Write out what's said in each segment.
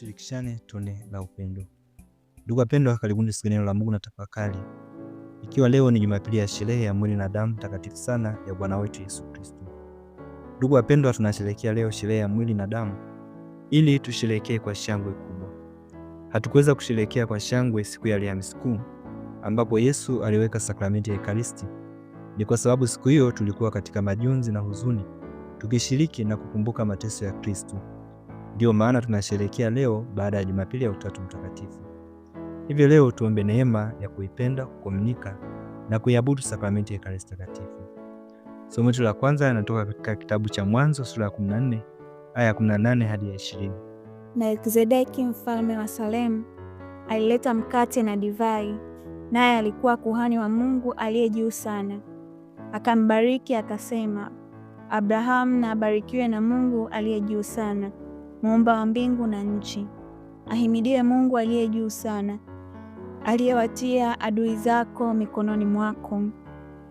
tushirikishane tone la upendo. Ndugu wapendwa, karibuni siku neno la Mungu na tafakari, ikiwa leo ni Jumapili ya sherehe ya mwili na damu takatifu sana ya Bwana wetu Yesu Kristo. Ndugu wapendwa, tunasherehekea leo sherehe ya mwili na damu ili tusherehekee kwa shangwe kubwa. Hatukuweza kusherehekea kwa shangwe siku ya Alhamisi Kuu ambapo Yesu aliweka sakramenti ya Ekaristi, ni kwa sababu siku hiyo tulikuwa katika majonzi na huzuni tukishiriki na kukumbuka mateso ya Kristo. Ndiyo maana tunasherehekea leo baada ya Jumapili ya Utatu Mtakatifu. Hivyo leo tuombe neema ya kuipenda, kukomunika na kuiabudu sakramenti ya Ekaristi Takatifu. Somo letu la kwanza linatoka katika kitabu cha Mwanzo sura ya 14 aya ya 18 hadi ya 20. Melkizedeki mfalme wa Salemu alileta mkate na divai, naye alikuwa kuhani wa Mungu aliye juu sana. Akambariki akasema, Abrahamu na abarikiwe na Mungu aliye juu sana muumba wa mbingu na nchi. Ahimidiwe Mungu aliye juu sana, aliyewatia adui zako mikononi mwako.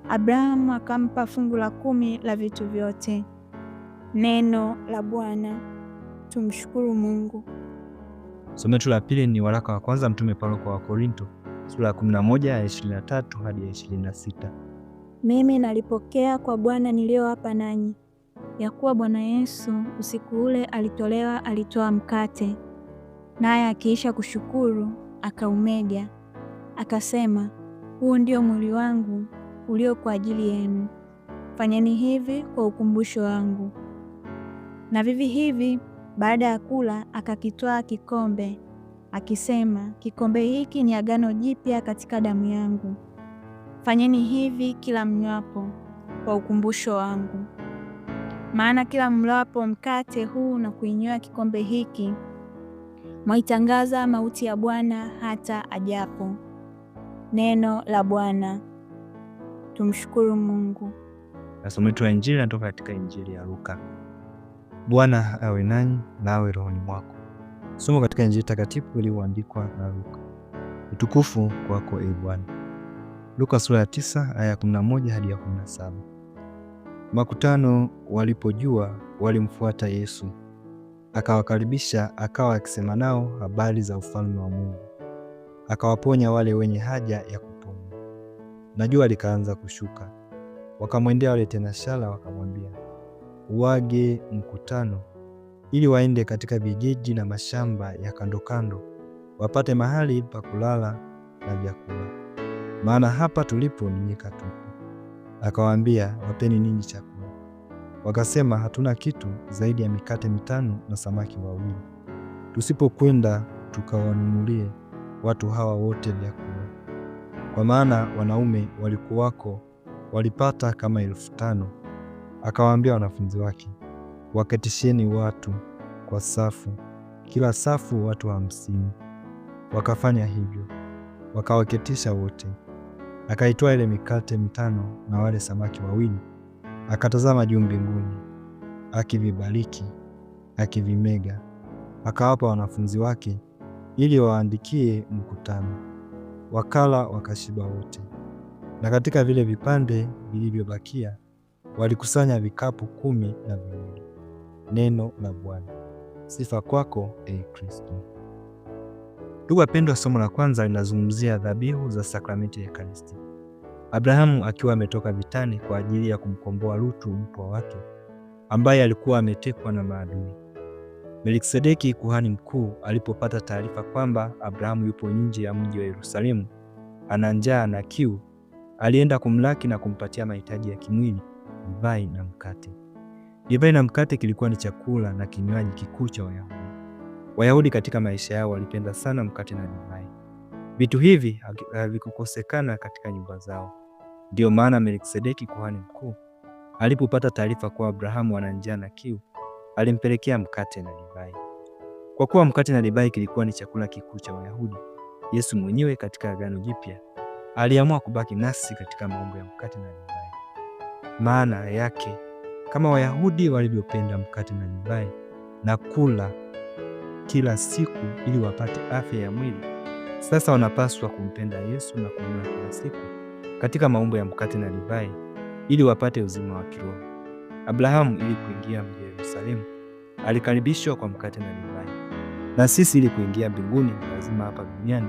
Abrahamu akampa fungu la kumi la vitu vyote. Neno la Bwana. Tumshukuru Mungu. Somo letu la pili ni waraka wa kwanza Mtume Paulo kwa Wakorinto sura ya 11 ya 23 hadi 26. Mimi nalipokea kwa Bwana niliyowapa nanyi ya kuwa Bwana Yesu usiku ule alitolewa, alitoa mkate, naye akiisha kushukuru, akaumega, akasema, huu ndio mwili wangu ulio kwa ajili yenu, fanyeni hivi kwa ukumbusho wangu. Na vivi hivi baada ya kula, akakitwaa kikombe, akisema, kikombe hiki ni agano jipya katika damu yangu, fanyeni hivi kila mnywapo kwa ukumbusho wangu maana kila mlapo mkate huu na kuinywa kikombe hiki mwaitangaza mauti ya Bwana hata ajapo. Neno la Bwana. Tumshukuru Mungu. Somo letu la Injili natoka katika Injili ya Luka. Bwana awe nanyi na awe rohoni mwako. Somo katika Injili takatifu iliyoandikwa na Luka. Utukufu kwako, e Bwana. Luka sura ya 9 aya ya 11 hadi ya 17. Makutano walipojua walimfuata Yesu, akawakaribisha, akawa akisema nao habari za ufalme wa Mungu, akawaponya wale wenye haja ya kuponywa. Na jua likaanza kushuka, wakamwendea wale tena shala wakamwambia uage mkutano, ili waende katika vijiji na mashamba ya kandokando, wapate mahali pa kulala na vyakula, maana hapa tulipo ni nyika tupu. Akawaambia, wapeni ninyi chakula. Wakasema, hatuna kitu zaidi ya mikate mitano na samaki wawili, tusipokwenda tukawanunulie watu hawa wote vyakula? Kwa maana wanaume walikuwako walipata kama elfu tano. Akawaambia wanafunzi wake, waketisheni watu kwa safu, kila safu watu hamsini. Wakafanya hivyo, wakawaketisha wote. Akaitoa ile mikate mitano na wale samaki wawili, akatazama juu mbinguni, akivibariki, akivimega, akawapa wanafunzi wake ili waandikie mkutano. Wakala wakashiba wote, na katika vile vipande vilivyobakia walikusanya vikapu kumi na viwili. Neno la Bwana. Sifa kwako, e Kristo. Ndugu wapendwa, somo la kwanza linazungumzia dhabihu za sakramenti ya Ekaristi. Abrahamu akiwa ametoka vitani kwa ajili ya kumkomboa Lutu mpwa wake ambaye alikuwa ametekwa na maadui. Melkisedeki kuhani mkuu alipopata taarifa kwamba Abrahamu yupo nje ya mji wa Yerusalemu, ana njaa na kiu, alienda kumlaki na kumpatia mahitaji ya kimwili, divai na mkate. Divai na mkate kilikuwa ni chakula na kinywaji kikuu cha Wayahudi. Wayahudi katika maisha yao walipenda sana mkate na divai. Vitu hivi havikukosekana katika nyumba zao. Ndiyo maana Melkisedeki kuhani mkuu alipopata taarifa kuwa Abrahamu ana njaa na kiu, alimpelekea mkate na divai. Kwa kuwa mkate na divai kilikuwa ni chakula kikuu cha Wayahudi, Yesu mwenyewe katika Agano Jipya aliamua kubaki nasi katika maumbo ya mkate na divai. Maana yake kama Wayahudi walivyopenda mkate na divai na kula kila siku ili wapate afya ya mwili. Sasa wanapaswa kumpenda Yesu na kumwona kila siku katika maumbo ya mkate na divai ili wapate uzima wa kiroho. Abrahamu ili kuingia mji Yerusalemu alikaribishwa kwa mkate na divai, na sisi ili kuingia mbinguni lazima hapa duniani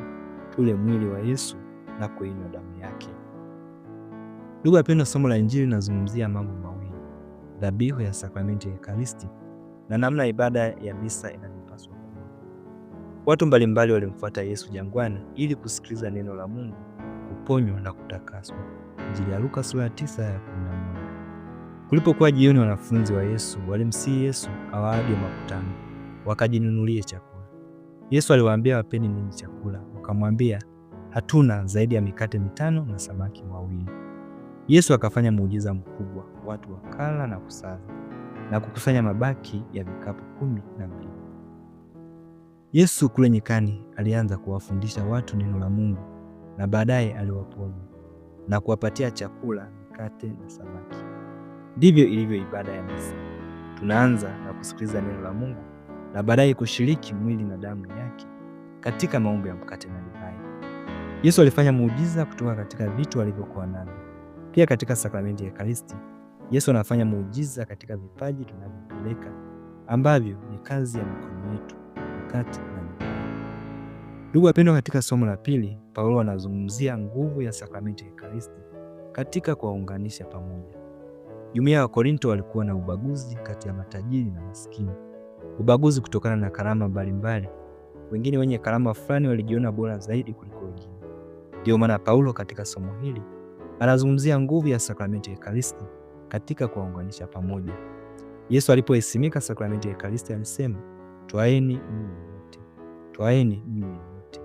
tule mwili wa Yesu na kuinywa damu yake. Ndugu wapendwa, somo la Injili linazungumzia mambo mawili: dhabihu ya sakramenti ya Ekaristi na namna ibada ya misa inani. Watu mbalimbali walimfuata Yesu jangwani ili kusikiliza neno la Mungu, kuponywa na kutakaswa. Injili ya Luka sura ya 9 ya kumi Kulipokuwa jioni, wanafunzi wa Yesu walimsihi Yesu awaage makutano wakajinunulie chakula. Yesu aliwaambia, wapeni ninyi chakula. Wakamwambia, hatuna zaidi ya mikate mitano na samaki wawili. Yesu akafanya muujiza mkubwa, watu wakala na kusaza na kukusanya mabaki ya vikapu kumi na mbili. Yesu kule nyikani alianza kuwafundisha watu neno la Mungu na baadaye aliwaponya na kuwapatia chakula, mkate na samaki. Ndivyo ilivyo ibada ya misa. Tunaanza na kusikiliza neno la Mungu na baadaye kushiriki mwili na damu yake katika maumbo ya mkate na divai. Yesu alifanya muujiza kutoka katika vitu alivyokuwa navyo. Pia katika sakramenti ya Ekaristi, Yesu anafanya muujiza katika vipaji tunavyopeleka ambavyo ni kazi ya mikono yetu wakati na ndugu wapendwa, katika somo la pili Paulo anazungumzia nguvu ya sakramenti ya Ekaristi katika kuwaunganisha pamoja. Jumuiya ya Wakorinto walikuwa na ubaguzi kati ya matajiri na maskini, ubaguzi kutokana na karama mbalimbali. Wengine wenye karama fulani walijiona bora zaidi kuliko wengine. Ndio maana Paulo katika somo hili anazungumzia nguvu ya sakramenti ya Ekaristi katika kuwaunganisha pamoja. Yesu alipoisimika sakramenti ya Ekaristi alisema Twaeni mnywe wote, twaeni mnywe wote.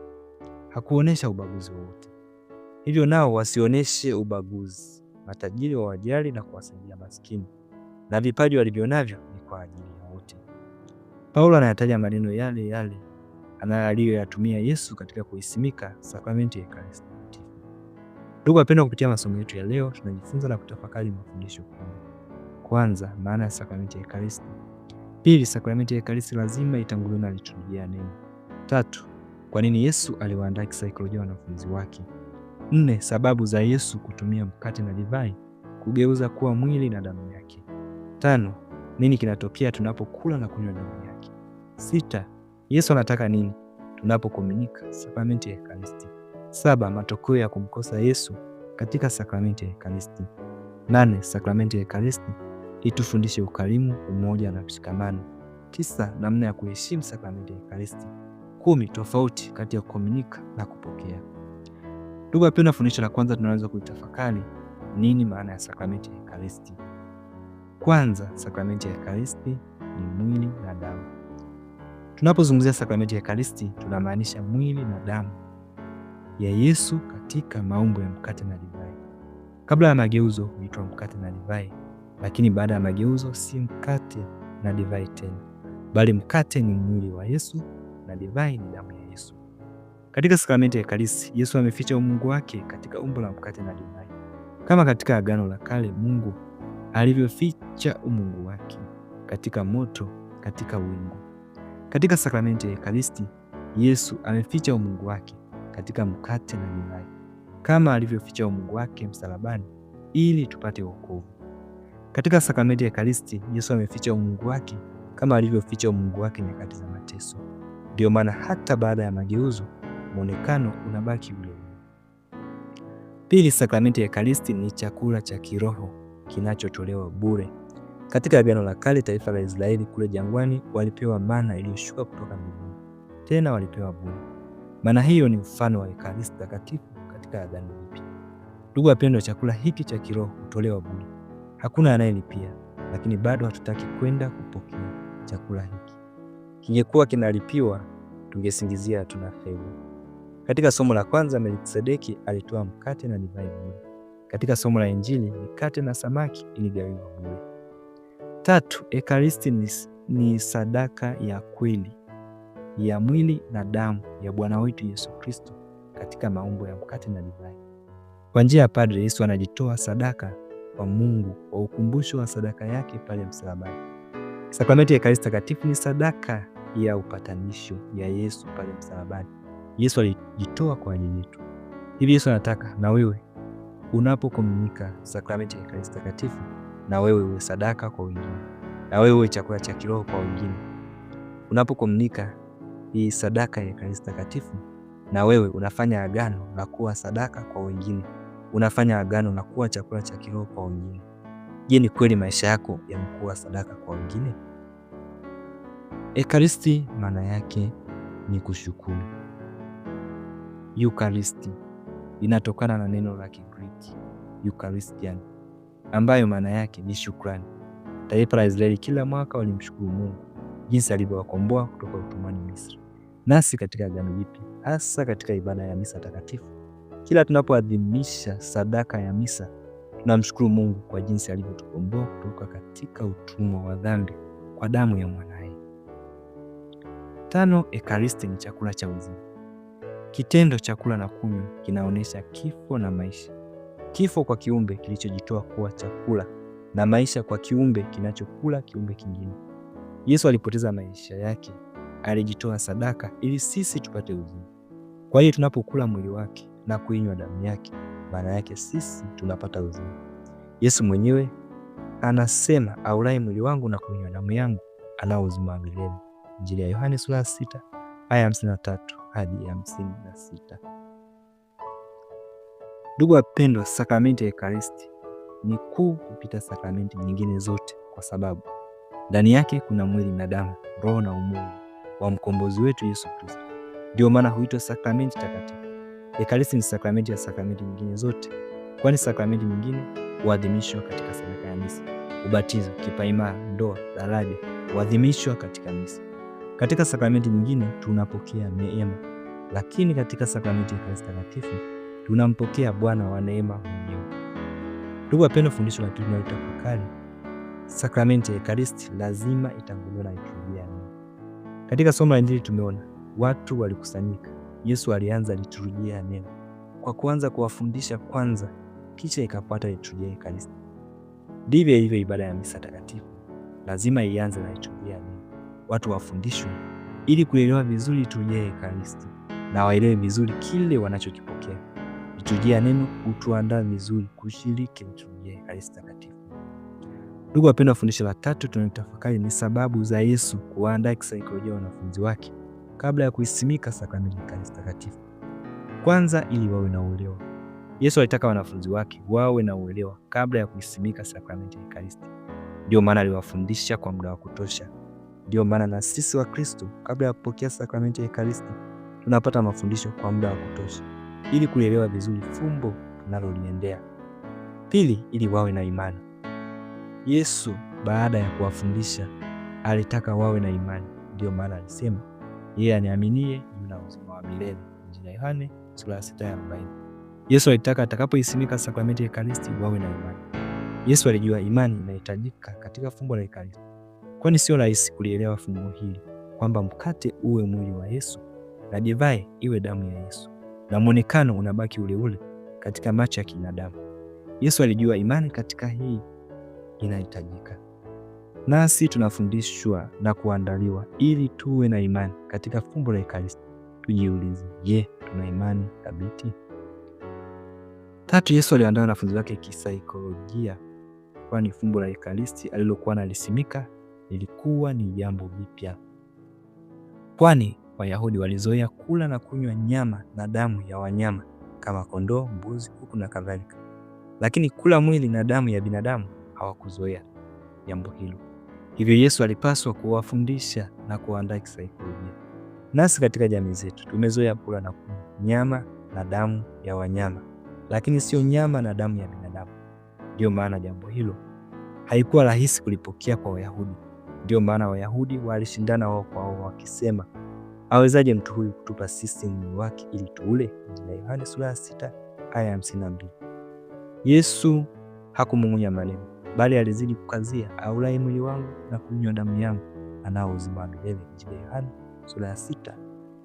Hakuonyesha ubaguzi wowote, hivyo nao wasioneshe ubaguzi. Matajiri wa wajali na kuwasaidia maskini, na vipaji walivyonavyo ni kwa ajili ya wote. Paulo anayataja maneno yale yale aliyoyatumia Yesu katika kuisimika sakramenti ya Ekaristi. Ndugu wapendwa, kupitia masomo yetu ya leo tunajifunza na kutafakari mafundisho kuu. Kwanza, maana ya sakramenti ya Ekaristi. Pili, sakramenti ya Ekaristi lazima itanguliwe na liturujia ya neno. Tatu, kwa nini Yesu aliwaandaa kisaikolojia wanafunzi wake. Nne, sababu za Yesu kutumia mkate na divai kugeuza kuwa mwili na damu yake. Tano, nini kinatokea tunapokula na kunywa damu yake. Sita, Yesu anataka nini tunapokomunika sakramenti ya Ekaristi. Saba, matokeo ya kumkosa Yesu katika sakramenti ya Ekaristi. Nane, sakramenti ya Ekaristi itufundishe ukarimu, umoja na mshikamano. Tisa, namna ya kuheshimu sakramenti ya Ekaristi. Kumi, tofauti kati ya kukomunika na kupokea. Ndugu wapendwa, fundisho la kwanza tunaweza kuitafakari nini maana ya sakramenti ya Ekaristi. Kwanza, sakramenti ya Ekaristi ni mwili na damu. Tunapozungumzia sakramenti ya Ekaristi tunamaanisha mwili na damu ya Yesu katika maumbo ya mkate na divai. Kabla ya mageuzo huitwa mkate na divai. Lakini baada ya mageuzo, si mkate na divai tena, bali mkate ni mwili wa Yesu na divai ni damu ya Yesu. Katika sakramenti ya Ekaristi, Yesu ameficha umungu wake katika umbo la mkate na divai, kama katika Agano la Kale Mungu alivyoficha umungu wake katika moto, katika wingu. Katika sakramenti ya Ekaristi, Yesu ameficha umungu wake katika mkate na divai, kama alivyoficha umungu wake msalabani, ili tupate wokovu. Katika sakramenti ya Ekaristi, Yesu ameficha umungu wake kama alivyoficha umungu wake nyakati za mateso. Ndiyo maana hata baada ya mageuzo mwonekano unabaki ule Pili, sakramenti ya Ekaristi ni chakula cha kiroho kinachotolewa bure. Katika Agano la Kale, taifa la Israeli kule jangwani walipewa mana iliyoshuka kutoka mbinguni, tena walipewa bure. Mana hiyo ni mfano wa Ekaristi takatifu katika Agano Jipya. Ndugu wapendwa, chakula hiki cha kiroho hutolewa bure hakuna anayelipia, lakini bado hatutaki kwenda kupokea chakula hiki. Kingekuwa kinalipiwa, tungesingizia hatuna fedha. Katika somo la kwanza, Melkisedeki alitoa mkate na divai bure. Katika somo la Injili, mkate na samaki iligawiwa bure. Tatu, Ekaristi ni, ni sadaka ya kweli ya mwili na damu ya Bwana wetu Yesu Kristo katika maumbo ya mkate na divai. Kwa njia ya Padre, Yesu anajitoa sadaka kwa Mungu kwa ukumbusho wa sadaka yake pale msalabani. Sakramenti ya Ekaristi Takatifu ni sadaka ya upatanisho ya Yesu pale msalabani. Yesu alijitoa kwa ajili yetu. Hivi Yesu anataka na wewe unapokomunika sakramenti ya Ekaristi Takatifu, na wewe uwe sadaka kwa wengine, na wewe uwe chakula cha kiroho kwa wengine. Unapokomunika hii sadaka ya Ekaristi Takatifu, na wewe unafanya agano la kuwa sadaka kwa wengine unafanya agano na kuwa chakula cha kiroho kwa wengine. Je, ni kweli maisha yako yamekuwa sadaka kwa wengine? Ekaristi maana yake ni kushukuru. Yukaristi inatokana na neno la Kigiriki Eucharistian ambayo maana yake ni shukrani. Taifa la Israeli kila mwaka walimshukuru Mungu jinsi alivyowakomboa kutoka utumwani Misri. Nasi katika Agano Jipya, hasa katika ibada ya misa takatifu kila tunapoadhimisha sadaka ya misa, tunamshukuru Mungu kwa jinsi alivyotukomboa kutoka katika utumwa wa dhambi kwa damu ya mwanaye. Tano, Ekaristi ni chakula cha uzima. Kitendo cha kula na kunywa kinaonyesha kifo na maisha, kifo kwa kiumbe kilichojitoa kuwa chakula na maisha kwa kiumbe kinachokula kiumbe kingine. Yesu alipoteza maisha yake, alijitoa sadaka ili sisi tupate uzima. Kwa hiyo tunapokula mwili wake na kuinywa damu yake, maana yake sisi tunapata uzima. Yesu mwenyewe anasema aulai mwili wangu na kuinywa damu yangu anao uzima wa milele. Injili ya Yohane sura ya 6 aya ya 53 hadi ya 56. Ndugu wapendwa, sakramenti ya Ekaristi ni kuu kupita sakramenti nyingine zote, kwa sababu ndani yake kuna mwili na damu, roho na umungu wa mkombozi wetu Yesu Kristo. Ndio maana huitwa sakramenti takatifu. Ekaristi ni sakramenti ya sakramenti nyingine zote, kwani sakramenti nyingine huadhimishwa katika sadaka ya misa. Ubatizo, kipaimara, ndoa, daraja huadhimishwa katika misa. Katika sakramenti nyingine tunapokea neema, lakini katika sakramenti ya Ekaristi Takatifu tunampokea Bwana wa neema mwenyewe. Ndugu wapendwa, fundisho la tunalotafakari, sakramenti ya Ekaristi lazima itanguliwe na liturujia. Katika somo la Injili tumeona watu walikusanyika Yesu alianza liturujia ya neno kwa kuanza kuwafundisha kwanza, kisha ikapata liturujia ya Ekaristi. Ndivyo ilivyo ibada ya misa takatifu, lazima ianze na liturujia ya neno. Watu wafundishwe ili kuelewa vizuri liturujia ya Ekaristi na waelewe vizuri kile wanachokipokea. Liturujia ya neno hutuandaa vizuri kushiriki liturujia ya Ekaristi takatifu. Ndugu wapendwa, fundisho la tatu tunatafakari ni sababu za Yesu kuwaandaa kisaikolojia wanafunzi wake kabla ya kuisimika sakramenti takatifu. Kwanza, ili wawe na uelewa. Yesu alitaka wanafunzi wake wawe na uelewa kabla ya kuisimika sakramenti ya Ekaristi. Ndio maana aliwafundisha kwa muda wa kutosha. Ndio maana na sisi wa Kristo kabla ya kupokea sakramenti ya Ekaristi tunapata mafundisho kwa muda wa kutosha ili kulielewa vizuri fumbo tunaloliendea. Pili, ili wawe na imani. Yesu baada ya kuwafundisha alitaka wawe na imani, ndio maana alisema yeye aniaminie na uzima wa milele. Injili ya Yohane sura ya 6 Yesu alitaka atakapoisimika sakramenti ya Ekaristi wawe na imani. Yesu alijua imani inahitajika katika fumbo la Ekaristi, kwani sio rahisi kulielewa fumbo hili kwamba mkate uwe mwili wa Yesu na divai iwe damu ya Yesu na mwonekano unabaki uleule katika macho ya kibinadamu. Yesu alijua imani katika hii inahitajika nasi tunafundishwa na kuandaliwa ili tuwe na imani katika fumbo la Ekaristi. Tujiulize, je, tuna imani thabiti? Tatu, Yesu aliandaa wanafunzi wake kisaikolojia, kwani fumbo la Ekaristi alilokuwa nalisimika lilikuwa ni jambo jipya, kwani Wayahudi walizoea kula na kunywa nyama na damu ya wanyama kama kondoo, mbuzi, kuku na kadhalika, lakini kula mwili na damu ya binadamu hawakuzoea jambo hilo. Hivyo Yesu alipaswa kuwafundisha na kuandaa kisaikolojia. Nasi katika jamii zetu tumezoea kula na kunywa nyama na damu ya wanyama, lakini sio nyama na damu ya binadamu. Ndiyo maana jambo hilo haikuwa rahisi kulipokea kwa Wayahudi. Ndiyo maana Wayahudi walishindana wao kwa wao wakisema, awezaje mtu huyu kutupa sisi mwili wake ili tuule? Na Yohana sura ya 6 aya 52. Yesu hakumung'unya maneno bali alizidi kukazia, aulai mwili wangu na kunywa damu yangu anao uzima wa milele. Injili ya Yohana sura ya sita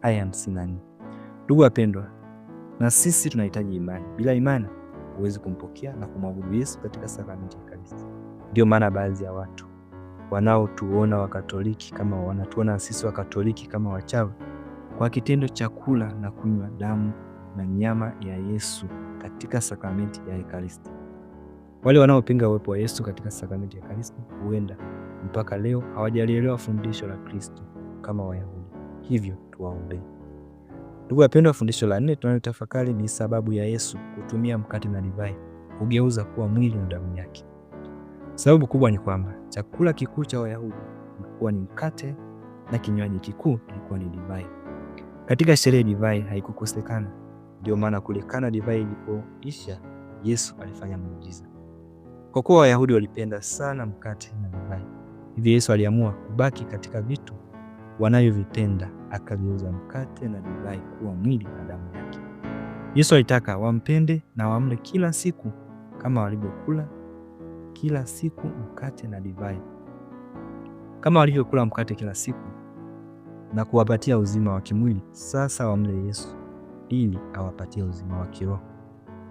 aya ya hamsini na nne. Ndugu wapendwa, na sisi tunahitaji imani. Bila imani huwezi kumpokea na kumwabudu Yesu katika sakramenti ya Ekaristi. Ndio maana baadhi ya watu wanaotuona Wakatoliki kama wanatuona sisi Wakatoliki kama wachawi kwa kitendo cha kula na kunywa damu na nyama ya Yesu katika sakramenti ya Ekaristi. Wale wanaopinga uwepo wa Yesu katika sakramenti ya Ekaristi huenda mpaka leo hawajalielewa fundisho la Kristo kama Wayahudi, hivyo tuwaombee. Ndugu wapendwa, fundisho la nne tunalotafakari ni sababu ya Yesu kutumia mkate na divai kugeuza kuwa mwili na damu yake. Sababu kubwa ni kwamba chakula kikuu cha Wayahudi ilikuwa ni mkate na kinywaji kikuu ilikuwa ni divai. Katika sherehe divai haikukosekana, ndio maana kule Kana divai ilipoisha, Yesu alifanya muujiza. Kwa kuwa Wayahudi walipenda sana mkate na divai, hivyo Yesu aliamua kubaki katika vitu wanavyovipenda, akageuza mkate na divai kuwa mwili na damu yake. Yesu alitaka wampende na wamle kila siku kama walivyokula kila siku mkate na divai, kama walivyokula mkate kila siku na kuwapatia uzima wa kimwili. Sasa wamle Yesu ili awapatie uzima wa kiroho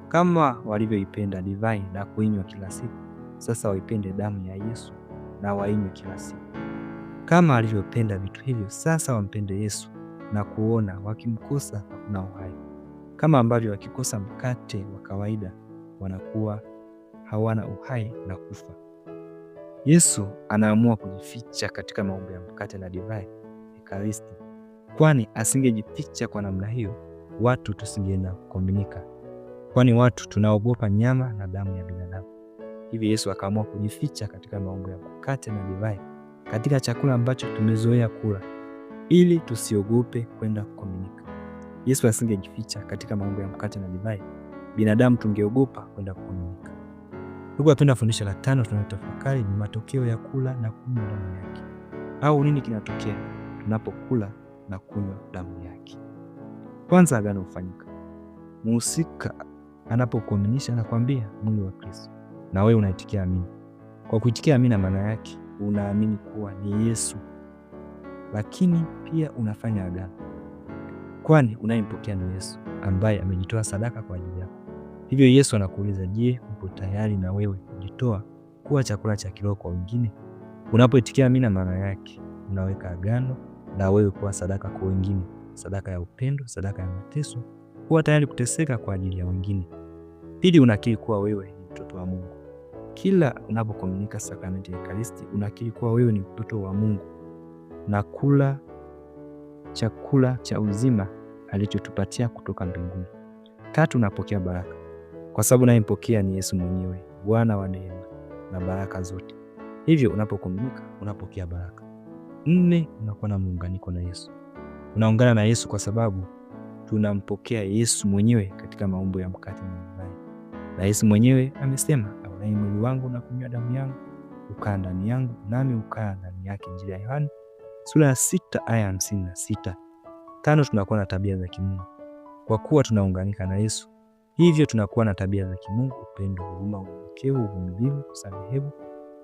kama walivyoipenda divai na kuinywa kila siku, sasa waipende damu ya Yesu na wainywe kila siku. Kama alivyopenda vitu hivyo, sasa wampende Yesu na kuona wakimkosa hakuna uhai, kama ambavyo wakikosa mkate wa kawaida wanakuwa hawana uhai na kufa. Yesu anaamua kujificha katika maumbo ya mkate na divai, Ekaristi, kwani asingejificha kwa namna hiyo, watu tusingeenda kukomunika kwani watu tunaogopa nyama na damu ya binadamu. Hivi Yesu akaamua kujificha katika maumbo ya mkate na divai, katika chakula ambacho tumezoea kula, ili tusiogope kwenda kukomunika. Yesu asingejificha katika maumbo ya mkate na divai, binadamu tungeogopa kwenda kukomunika. Ndugu wapenda, fundisho la tano tunalotafakari ni matokeo ya kula na kunywa damu yake, au nini kinatokea tunapokula na kunywa damu yake. Kwanza, agano hufanyika muhusika anapokuaminisha anakwambia mwili wa Kristo, na wewe unaitikia amini. Kwa kuitikia amina, maana yake unaamini kuwa ni Yesu, lakini pia unafanya agano, kwani unayempokea ni Yesu ambaye amejitoa sadaka kwa ajili yako. Hivyo Yesu anakuuliza, je, upo tayari na wewe kujitoa kuwa chakula cha kiroho kwa wengine? Unapoitikia amina, maana yake unaweka agano na wewe kuwa sadaka kwa wengine, sadaka ya upendo, sadaka ya mateso, kuwa tayari kuteseka kwa ajili ya wengine. Pili, unakiri kuwa wewe ni mtoto wa Mungu. Kila unapokomunika sakramenti ya Ekaristi, unakiri kuwa wewe ni mtoto wa Mungu na kula chakula cha uzima alichotupatia kutoka mbinguni. Tatu, unapokea baraka, kwa sababu unayempokea ni Yesu mwenyewe, Bwana wa neema na baraka zote. Hivyo unapokomunika unapokea baraka. Nne, unakuwa na muunganiko na Yesu. Unaungana na Yesu kwa sababu tunampokea Yesu mwenyewe katika maumbo ya mkate na na Yesu mwenyewe amesema, aulaye mwili wangu na kunywa damu yangu ukaa ndani yangu nami ukaa ndani yake. Injili ya Yohana sura ya sita aya hamsini na sita. Tano, tunakuwa na tabia za kimungu kwa kuwa tunaunganika na Yesu, hivyo tunakuwa na tabia za kimungu: upendo, huruma, unyenyekevu, uvumilivu, kusamehevu,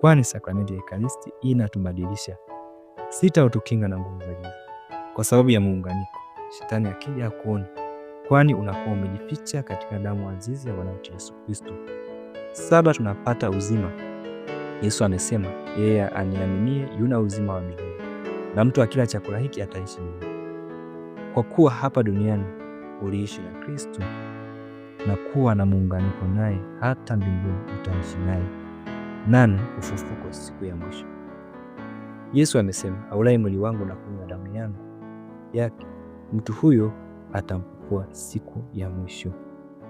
kwani sakramenti ya Ekaristi inatubadilisha. Sita, utukinga na nguvu za giza. Kwa sababu ya muunganiko, shetani akija akuoni kwani unakuwa umejificha katika damu azizi ya Bwana wetu Yesu Kristo. Saba, tunapata uzima. Yesu amesema yeye aniaminie yuna uzima wa milele, na mtu akila chakula hiki ataishi milele. Kwa kuwa hapa duniani uliishi na Kristo na kuwa na muunganiko naye, hata mbinguni utaishi naye. Nane, ufufuko siku ya mwisho. Yesu amesema, aulai mwili wangu na kunywa damu yangu yake, mtu huyo atampa kuwa siku ya mwisho.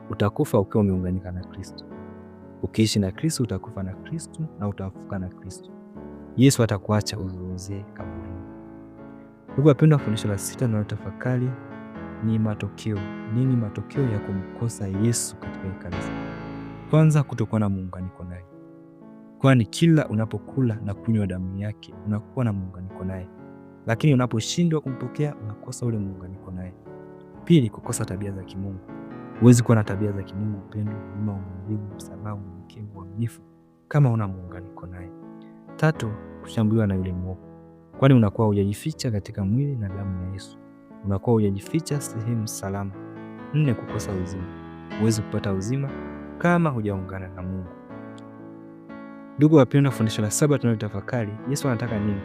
Utakufa ukiwa umeunganika na Kristo. Ukiishi na Kristo utakufa na Kristo na utafufuka na Kristo. Yesu atakuacha uzuuzie kaburini. Ndugu wapendwa, fundisho la sita na tafakari ni matokeo. Nini matokeo ya kumkosa Yesu katika kanisa? Kwanza, kutokuwa na muunganiko naye, kwani kila unapokula na kunywa damu yake unakuwa na muunganiko naye, lakini unaposhindwa kumpokea unakosa ule muunganiko naye. Pili, kukosa tabia za kimungu. Huwezi kuwa na tabia za kimungu, upendo, huruma, uvumilivu, msamaha, unyenyekevu, uaminifu kama una muunganiko naye. Tatu, kushambuliwa na yule mwovu, kwani unakuwa hujajificha katika mwili na damu ya Yesu, unakuwa hujajificha sehemu salama. Nne, kukosa uzima. Huwezi kupata uzima kama hujaungana na Mungu. Ndugu wapendwa, fundisho la saba tunalotafakari, Yesu anataka nini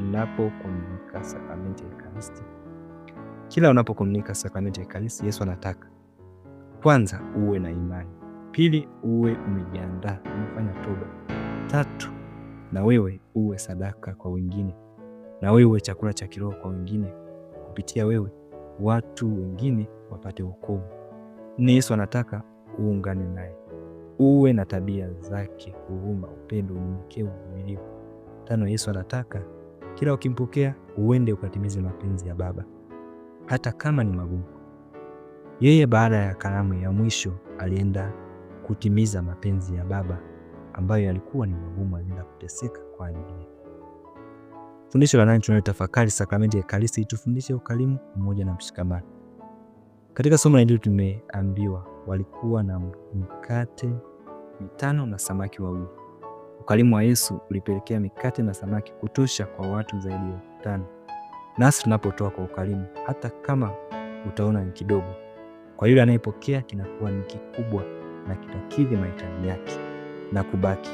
mnapokumbuka sakramenti ya Ekaristi? Kila unapokomunika sakramenti ya Ekaristi, Yesu anataka kwanza uwe na imani, pili uwe umejiandaa, umefanya toba, tatu na wewe uwe sadaka kwa wengine, na wewe uwe chakula cha kiroho kwa wengine, kupitia wewe watu wengine wapate wokovu. Nne, Yesu anataka uungane naye, uwe na tabia zake, huruma, upendo, unyenyekevu, uvumilivu. Tano, Yesu anataka kila ukimpokea uende ukatimize mapenzi ya Baba hata kama ni magumu. Yeye baada ya karamu ya mwisho alienda kutimiza mapenzi ya Baba ambayo yalikuwa ni magumu, alienda kuteseka kwa ajili yetu. Fundisho la nane tunayotafakari sakramenti ya Ekaristi itufundishe ukarimu, umoja na mshikamano. Katika somo la Injili tumeambiwa walikuwa na mikate mitano na samaki wawili. Ukarimu wa Yesu ulipelekea mikate na samaki kutosha kwa watu zaidi ya tano nasi tunapotoa kwa ukarimu, hata kama utaona ni kidogo, kwa yule anayepokea kinakuwa ni kikubwa na kitakidhi mahitaji yake na kubaki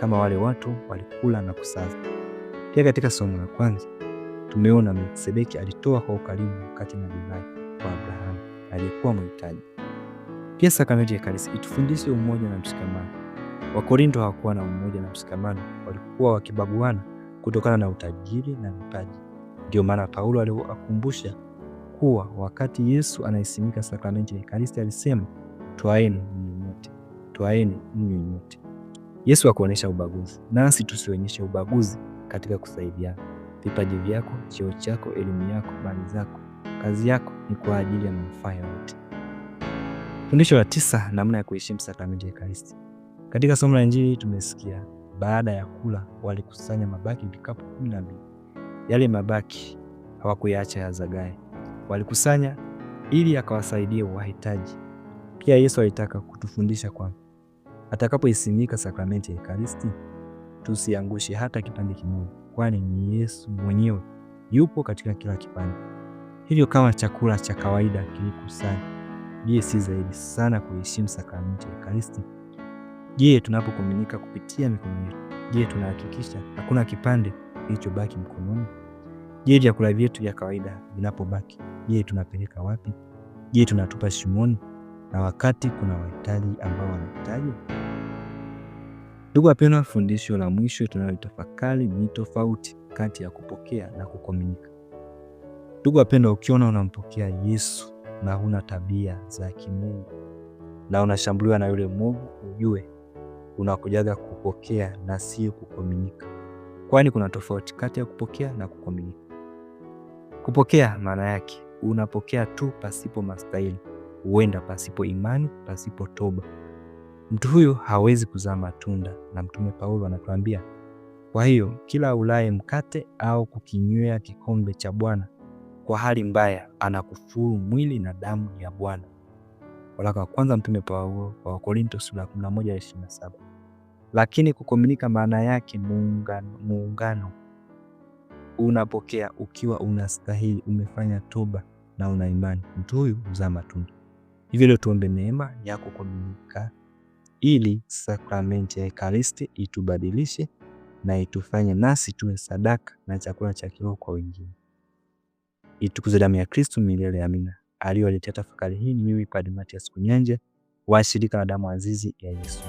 kama wale watu walikula na kusaza. Pia katika somo la kwanza tumeona Melkisedeki alitoa kwa ukarimu wakati na divai kwa Abrahamu aliyekuwa mhitaji. Pia sakramenti ya Ekaristi itufundishe umoja na mshikamano. Wakorinto hawakuwa na umoja na mshikamano, walikuwa wakibaguana kutokana na utajiri na vipaji. Ndio maana Paulo aliwakumbusha kuwa wakati Yesu anaisimika sakramenti ya Ekaristi alisema twaeni mnywe nyote, twaeni mnywe nyote. Yesu akuonyesha ubaguzi, nasi tusionyeshe ubaguzi katika kusaidiana. Vipaji vyako, cheo chako, elimu yako, mali zako, kazi yako ni kwa ajili ya manufaa ya wote. Fundisho la tisa: namna ya kuheshimu sakramenti ya Ekaristi. Katika somo la Injili tumesikia baada ya kula walikusanya mabaki vikapu kumi na mbili yale mabaki hawakuyaacha yazagae, walikusanya ili akawasaidie wahitaji. Pia Yesu alitaka kutufundisha kwamba atakapoisimika sakramenti ya Ekaristi, tusiangushe hata kipande kimoja, kwani ni Yesu mwenyewe yupo katika kila kipande. Hivyo kama chakula cha kawaida kilikusanya, je, si zaidi sana kuheshimu sakramenti ya Ekaristi? Je, tunapokuminika kupitia mikono yetu, je, tunahakikisha hakuna kipande kilichobaki mkononi? Je, vyakula vyetu vya kawaida vinapobaki, je, tunapeleka wapi? Je, tunatupa shimoni? Na wakati kuna wahitaji ambao wanahitaji? Ndugu wapendwa, fundisho la mwisho tunalotafakari ni tofauti kati ya kupokea na kukomunika. Ndugu wapendwa, ukiona unampokea Yesu na huna tabia za kimungu na unashambuliwa na yule Mungu, ujue unakujaga kupokea na sio kukomunika. Kwani kuna tofauti kati ya kupokea na kukomini. Kupokea maana yake unapokea tu pasipo mastahili, huenda pasipo imani, pasipo toba. Mtu huyu hawezi kuzaa matunda, na Mtume Paulo anatuambia, kwa hiyo kila ulaye mkate au kukinywea kikombe cha Bwana kwa hali mbaya anakufuru mwili na damu ya Bwana. Waraka wa kwanza Mtume Paulo kwa Wakorinto sura ya 11:27 lakini kukomunika maana yake muungano, muungano unapokea ukiwa unastahili, umefanya toba na una imani, mtu huyu huzaa matunda. Hivyo leo tuombe neema ya kukomunika ili sakramenti ya Ekaristi itubadilishe na itufanye nasi tuwe sadaka na chakula cha kiroho kwa wengine. Itukuzwe damu ya Kristu, milele amina. Aliyoletea tafakari hii ni mimi Padre Mathias Kunyanja wa shirika la damu azizi ya Yesu.